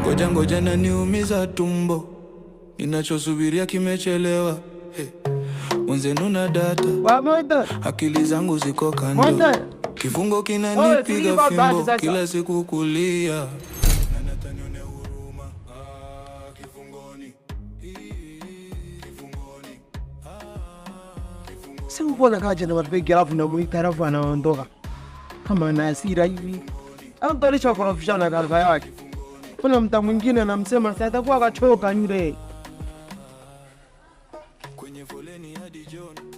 Ngoja ngoja na niumiza tumbo, ninachosubiria kimechelewa hey. Wenzenu na data, akili zangu ziko kando, kifungo kinanipiga fimbo kila siku kulia siku kwanza kaja na watu wengi, alafu namuita, alafu anaondoka kama na hasira hivi, anatolisha kwa ofisha na kalfa yake kuna mta mwingine anamsema sasa, atakuwa kachoka yule.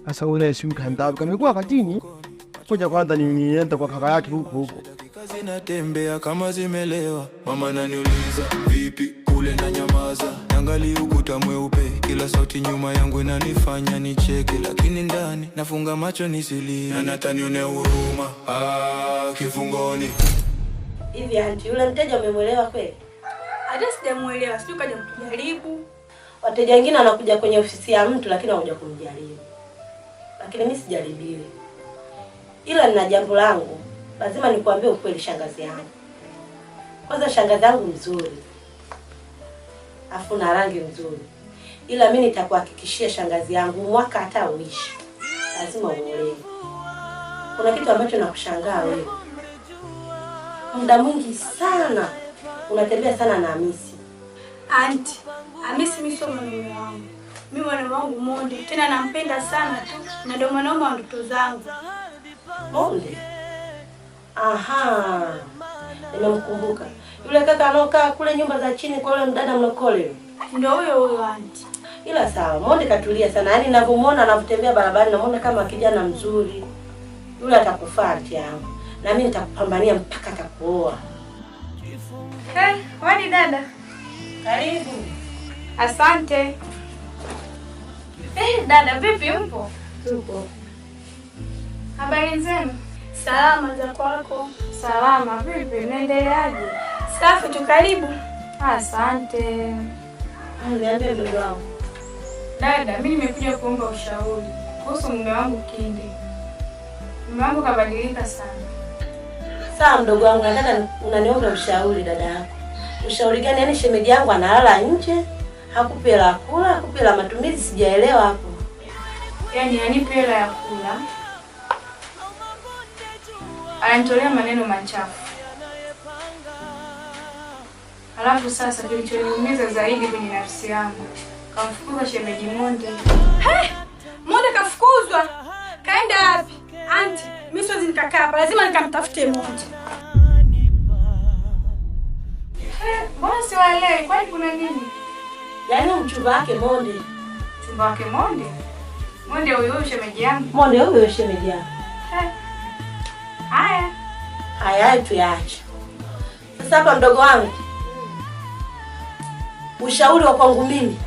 Sasa ule simu kaenda kamekuwa katini. Ngoja kwanza ni nienda kwa kaka yake huko huko. Kazi natembea kama zimelewa. Mama ananiuliza vipi kule na nyamaza. Angali ukuta mweupe, kila sauti nyuma yangu inanifanya nicheke, lakini ndani nafunga macho nisilie. Na natanione huruma ah, kifungoni. Hivi anti, yule mteja umemwelewa kweli? hata sijamuelewa, sijui kaja mtujaribu. Wateja wengine wanakuja kwenye ofisi ya mtu lakini wanakuja kumjaribu, lakini mimi sijaribiwi, ila nina jambo langu lazima nikuambie ukweli, shangazi yangu. Kwanza shangazi yangu mzuri, afu na rangi nzuri, ila mimi nitakuhakikishia shangazi yangu, mwaka hata uishi lazima uolewe. Kuna kitu ambacho nakushangaa wewe, muda mwingi sana unatembea sana na Hamisi. Anti, Hamisi mimi sio mume wangu. Mimi mwana wangu Monde, tena nampenda sana tu na ndio mwanaume wa ndoto zangu. Monde? Aha. Nimemkumbuka. Yule kaka anaokaa kule nyumba za chini kwa yule mdada mlokole. Ndio huyo huyo anti. Ila sawa, Monde katulia sana. Yaani ninavyomuona anavyotembea barabarani namuona kama kijana mzuri. Yule atakufaa anti yangu. Na mimi nitakupambania mpaka atakuoa. Hey, wani dada, karibu. Asante. Hey, dada vipi, mpo? Tupo. Habari njema. Salama za kwako? Salama. Vipi, naendeleaje? Safi tu, karibu. Asante. Niambie mdogo wangu. Dada, mimi nimekuja kuomba ushauri kuhusu mume wangu Kindi. Mume wangu kabadilika sana Sawa mdogo wangu, nataka unaniomba ushauri dada yako. Ushauri gani? Yaani shemeji yangu analala nje, hakupi hela ya kula, hakupi hela matumizi, sijaelewa hapo. Yaani anipe hela ya kula, ananitolea maneno machafu. alafu sasa kilichoniumiza zaidi kwenye nafsi yangu, kamfukuza shemeji Monde. Hey, Monde kafukuzwa, kaenda wapi? Anti mimi siwezi nikakaa hapa, lazima nikamtafute mmoja. Mbona siwaelewi, kwani kuna nini? Yaani mchumba wake Monde. Mchumba wake Monde? Monde huyo huyo shemeji yangu. Monde huyo huyo shemeji yangu. Eh, haya. Haya tuyaache. Sasa hapa mdogo wangu. Ushauri wa kwangu mimi.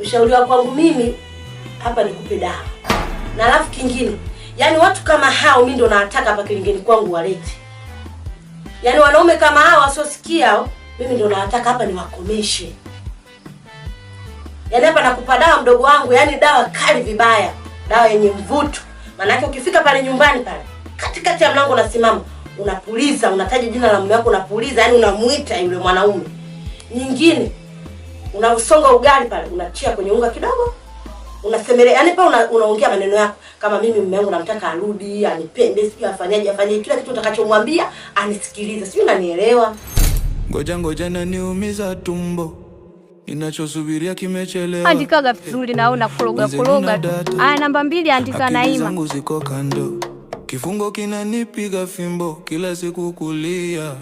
Ushauri wa kwangu mimi hapa nikupe dawa. Na alafu kingine Yaani watu kama hao mimi ndo nawataka hapa kilingeni kwangu walete. Yaani wanaume kama hao wasiosikia mimi ndo nawataka hapa niwakomeshe. Yaani hapa nakupa dawa mdogo wangu, yaani dawa kali vibaya, dawa yenye mvuto. Maanake ukifika pale nyumbani pale, katikati ya mlango unasimama, unapuliza, unataja jina la mume wako unapuliza, yaani unamuita yule mwanaume. Nyingine unasonga ugali pale, unachia kwenye unga kidogo. Unasemelea, yaani pale una, maneno yako kama mimi mume wangu namtaka arudi, anipende, sijui afanyaje, afanye kila kitu utakachomwambia anisikilize, sijui unanielewa. Ngoja ngoja, naniumiza tumbo, ninachosubiria kimechelewa. Andikaga vizuri, naona kuroga kuroga. Aya, namba mbili, andika Naima. Zangu ziko kando, kifungo kinanipiga fimbo, kila siku kulia.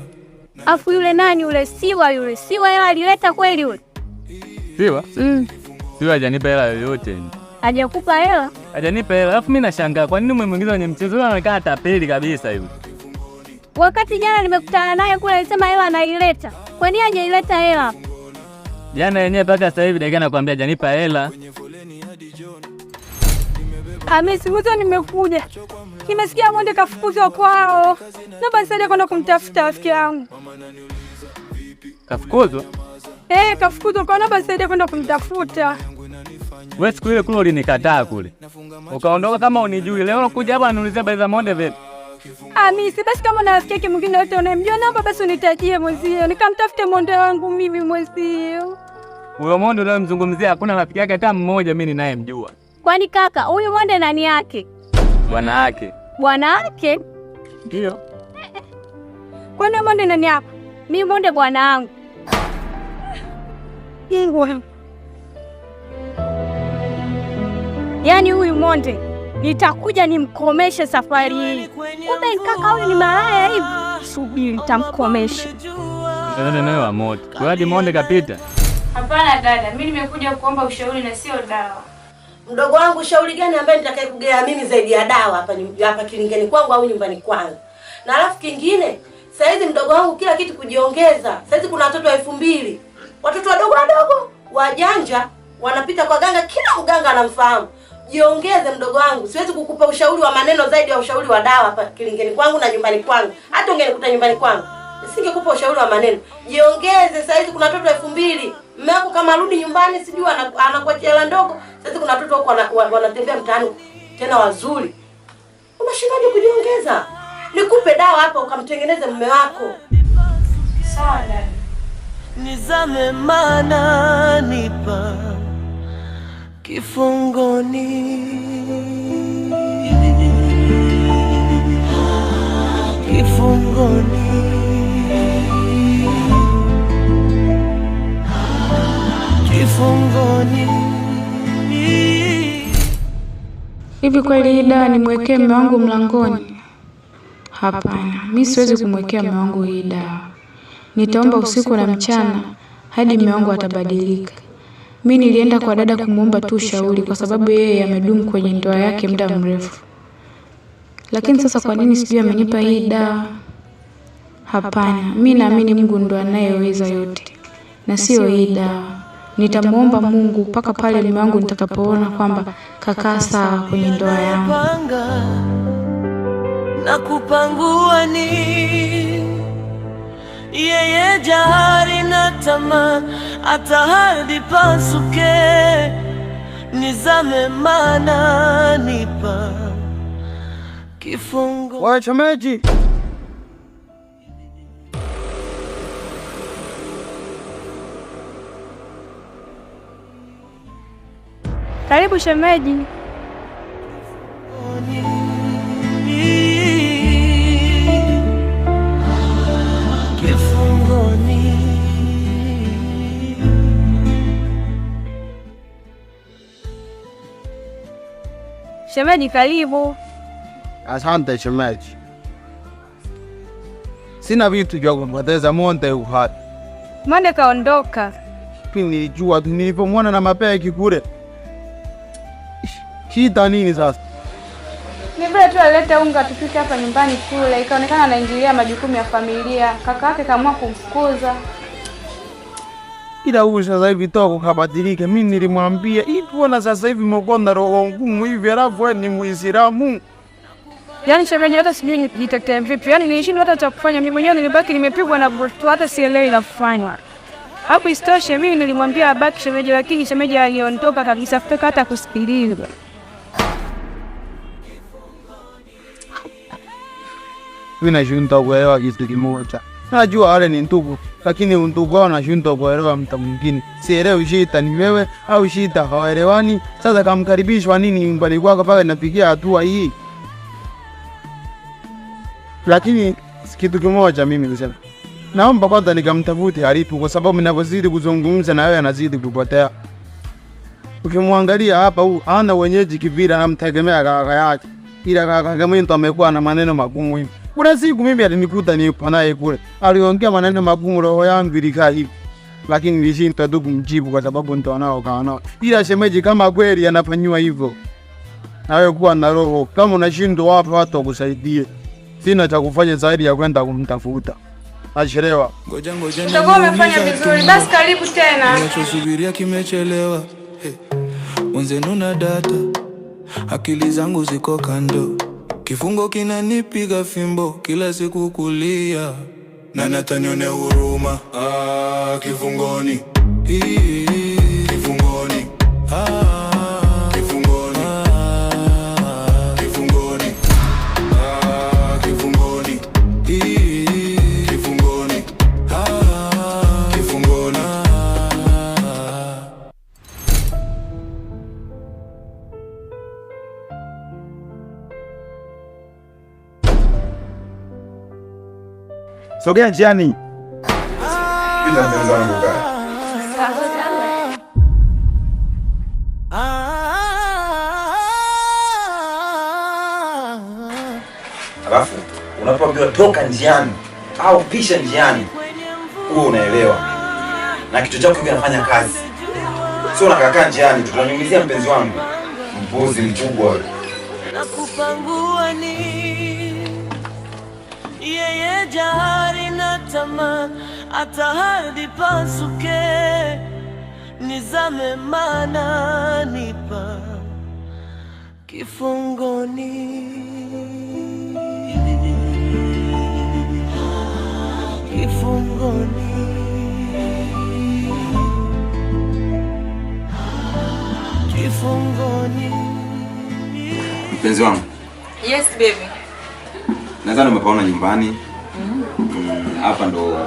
Afu yule nani yule, Siwa yule, Siwa hela alileta kweli yule? Siwa? Mm. Siwa hajanipa hela yoyote hajakupa hela? Hajanipa hela. Alafu mimi nashangaa kwa nini umemwingiza kwenye mchezo? anakaa tapeli kabisa hivi. Wakati jana nimekutana naye kule alisema hela anaileta. Kwa nini hajaileta hela? Jana yenyewe mpaka sasa hivi dakika nakwambia hajanipa hela. Hamisi, mzo nimekuja. Nimesikia mwende kafukuzwa kwao. Naomba nisaidie kwenda kumtafuta rafiki yangu. Kafukuzwa? Eh, kafukuzwa kwao. Naomba nisaidie kwenda kumtafuta. Wewe siku ile kule ulinikataa kule, ukaondoka kama unijui. Leo unakuja hapa uniulize habari za Monde vipi? amisi ah, basi kama unasikia kitu kingine yote unayemjua, naomba basi unitajie mwezio, nikamtafute Monde wangu mimi mwezio. Huyo Monde unayemzungumzia hakuna rafiki yake hata mmoja mimi ninayemjua. Kwani kaka, huyu Monde nani yake? Bwana yake. Bwana yake? Ndio. Kwani Monde nani yako? Mimi Monde bwana wangu. Yaani huyu Monde nitakuja nimkomeshe safari hii. Kumbe nkaka huyu ni malaya hivi. Subiri nitamkomesha. Kwani Monde kapita? Hapana dada, mimi nimekuja kuomba ushauri na sio dawa. Mdogo wangu, ushauri gani ambaye nitakaye kugea mimi zaidi ya dawa hapa hapa kilingeni kwangu au nyumbani kwangu? Na alafu kingine, saizi mdogo wangu kila kitu kujiongeza. saizi kuna watoto elfu mbili. Watoto wadogo wadogo, wajanja, wanapita kwa ganga, kila mganga anamfahamu jiongeze mdogo wangu, siwezi kukupa ushauri wa maneno zaidi ya ushauri wa dawa hapa kilingeni kwangu na nyumbani kwangu. Hata ungenikuta nyumbani kwangu nisingekupa ushauri wa maneno. Jiongeze sasa hivi, kuna watoto elfu mbili mume wako kama rudi nyumbani, sijui anakuachia hela ndogo. Sasa kuna watoto wako wanatembea wana mtaani tena wazuri, unashindaje kujiongeza? Nikupe dawa hapa ukamtengeneze mume wako sawa? Nizame maana nipa kifungoni, kifungoni, kifungoni. Hivi kweli hii dawa nimwekee mume wangu mlangoni? Hapana, mi siwezi kumwekea mume wangu hii dawa. Nitaomba usiku na mchana hadi mume wangu atabadilika. Mi nilienda kwa dada kumwomba tu ushauri kwa sababu yeye amedumu kwenye ndoa yake muda mrefu. Lakini sasa kwa nini sijui amenipa hii dawa? Hapana, mi naamini Mungu ndo anayeweza yote na sio hii dawa. Nitamwomba Mungu mpaka pale mume wangu nitakapoona kwamba kakaa sawa kwenye ndoa yangu na kupangua nini yeye jahari na tamaa, hata ardhi pasuke, nizame mana nipa kifungo. Wachemeji karibu shemeji. Shemeji karibu. Asante shemeji. Sina vitu vya kumpoteza Monde uhai. Monde kaondoka. Nilijua tu nilipomwona na mapeki kule. Shida nini sasa? Ni vile tu alete unga tupike hapa nyumbani kule, ikaonekana anaingilia majukumu ya familia. Kaka yake kaamua kumfukuza ila huyu sasa hivi toka kabadilika. Mimi nilimwambia hivi, mbona sasa hivi umekuwa na roho ngumu hivi, alafu wewe ni Muislamu? Yaani shemeji, hata sijui nijitetee vipi, yaani nilishindwa hata cha kufanya. Mimi mwenyewe nilibaki nimepigwa na butu, hata sielewi la kufanywa. Hapo istoshe, mimi nilimwambia abaki shemeji, lakini shemeji aliondoka kabisa, kutaka hata kusikiliza. Mimi nashindwa kuelewa kitu kimoja Najua wale ni ndugu, lakini ndugu wao nashindwa kuelewa. Mtu mwingine sielewi, shita ni wewe au shita hawaelewani. Sasa kamkaribishwa nini nyumbani kwako pale, nafikia hatua hii? Lakini kitu kimoja mimi nisema, naomba kwanza nikamtafute alipo, kwa sababu ninavyozidi kuzungumza na wewe anazidi kupotea. Ukimwangalia hapa, huu ana wenyeji kivile, anamtegemea kaka yake, ila kaka yake mtu amekuwa na maneno magumu hivi kuna siku mimi alinikuta nipo naye kule, aliongea maneno magumu, roho yangu ilikaa hivi, lakini nilishinda tu kumjibu kwa sababu ndo wanao kawa nao. Ila shemeji, kama kweli anafanyiwa hivyo, nawe kuwa na roho, kama unashindwa wapo watu wakusaidie. Sina cha kufanya zaidi ya kwenda kumtafuta. Achelewa, ngoja ngoja, utakuwa umefanya vizuri. Basi karibu tena, ninachosubiria kimechelewa. Hey, wenzenu data, akili zangu ziko kando Kifungo kinanipiga fimbo kila siku kulia, na natanione huruma ah, kifungoni, kifungoni ah. Sogea njiani. Alafu unapoambiwa toka njiani au pisha njiani, huo unaelewa na kitu chako kinafanya kazi, sio unakakaa njiani Tutanyumizia Mpenzi wangu mpuzi mkubwa nakupangua ni yeye ja tamaa, hata ardhi pasuke, nizame mana nipa kifungoni, kifungoni Kifungoni. Mpenzi wangu. Yes baby. Nadhani umepaona nyumbani hapa ndo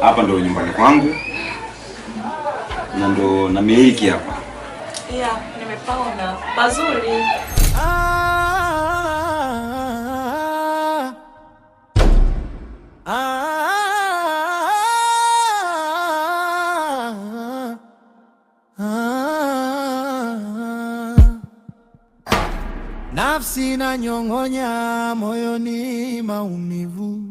hapa ndo nyumbani kwangu na ndo na miliki hapa. Yeah, nimepaona pazuri. Nafsi na nyongonya moyoni maumivu